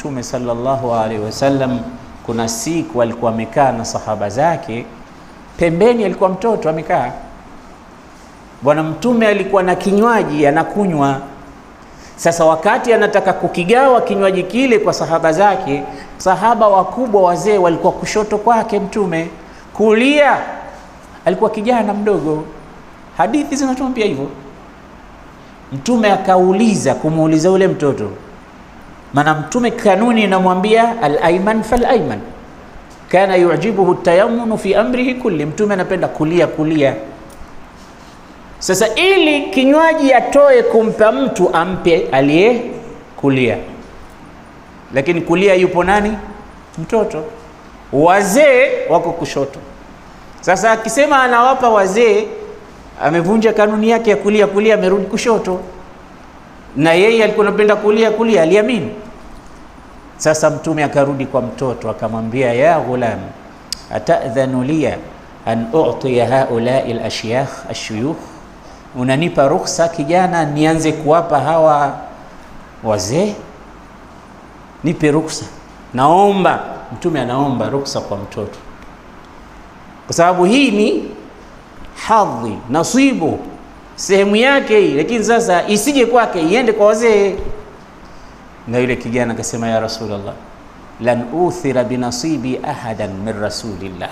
Mtume sallallahu alaihi wasallam, kuna siku alikuwa amekaa na sahaba zake, pembeni alikuwa mtoto amekaa. Bwana Mtume alikuwa na kinywaji anakunywa. Sasa wakati anataka kukigawa kinywaji kile kwa sahaba zake, sahaba wakubwa wazee walikuwa kushoto kwake Mtume, kulia alikuwa kijana mdogo. Hadithi zinatuambia hivyo. Mtume akauliza kumuuliza ule mtoto maana Mtume kanuni inamwambia al-ayman fal-ayman, kana yujibuhu tayammunu fi amrihi kulli, Mtume anapenda kulia kulia. Sasa ili kinywaji atoe kumpa mtu, ampe aliye kulia. Lakini kulia yupo nani? Mtoto. Wazee wako kushoto. Sasa akisema anawapa wazee, amevunja kanuni yake ya kulia kulia, amerudi kushoto na yeye alikuwa anapenda kulia kulia, aliamini. Sasa mtume akarudi kwa mtoto akamwambia, ya ghulam atadhanu liya an utiya haulai lashyakh ashuyukh, unanipa ruhusa kijana, nianze kuwapa hawa wazee? Nipe ruhusa, naomba. Mtume anaomba ruhusa kwa mtoto, kwa sababu hii ni hadhi nasibu sehemu yake hii, lakini sasa isije kwake, iende kwa wazee. Na yule kijana akasema, ya Rasulullah, lan uthira binasibi ahadan min rasulillah,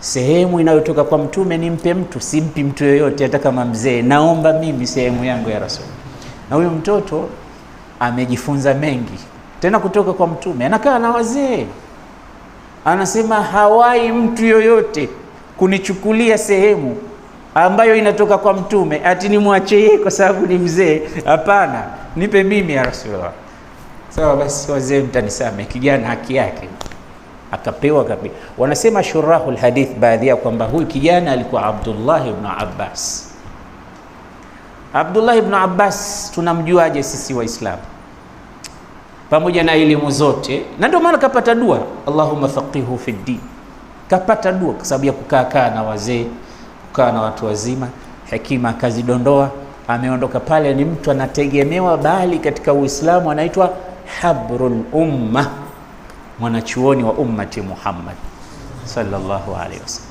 sehemu inayotoka kwa mtume nimpe mtu, simpi mtu yoyote, hata kama mzee. Naomba mimi sehemu yangu ya Rasul. Na huyu mtoto amejifunza mengi tena kutoka kwa mtume, anakaa na wazee, anasema hawai mtu yoyote kunichukulia sehemu ambayo inatoka kwa Mtume ati nimwache yeye kwa sababu ni mzee? Hapana, nipe mimi ya Rasulullah. Sawa, basi wazee mtanisame, kijana haki yake akapewa kabisa. Wanasema shurahul hadith baadhi ya kwamba huyu kijana alikuwa Abdullah ibn Abbas. Abdullah ibn Abbas tunamjuaje sisi Waislamu? Pamoja na elimu zote, na ndio maana kapata dua, Allahumma faqihu fi din, kapata dua kwa sababu ya kukaa kaa na wazee kukaa na watu wazima, hekima akazidondoa, ameondoka pale. Ni mtu anategemewa, bali katika Uislamu anaitwa habrul umma, mwanachuoni wa ummati Muhammad sallallahu alaihi wasallam.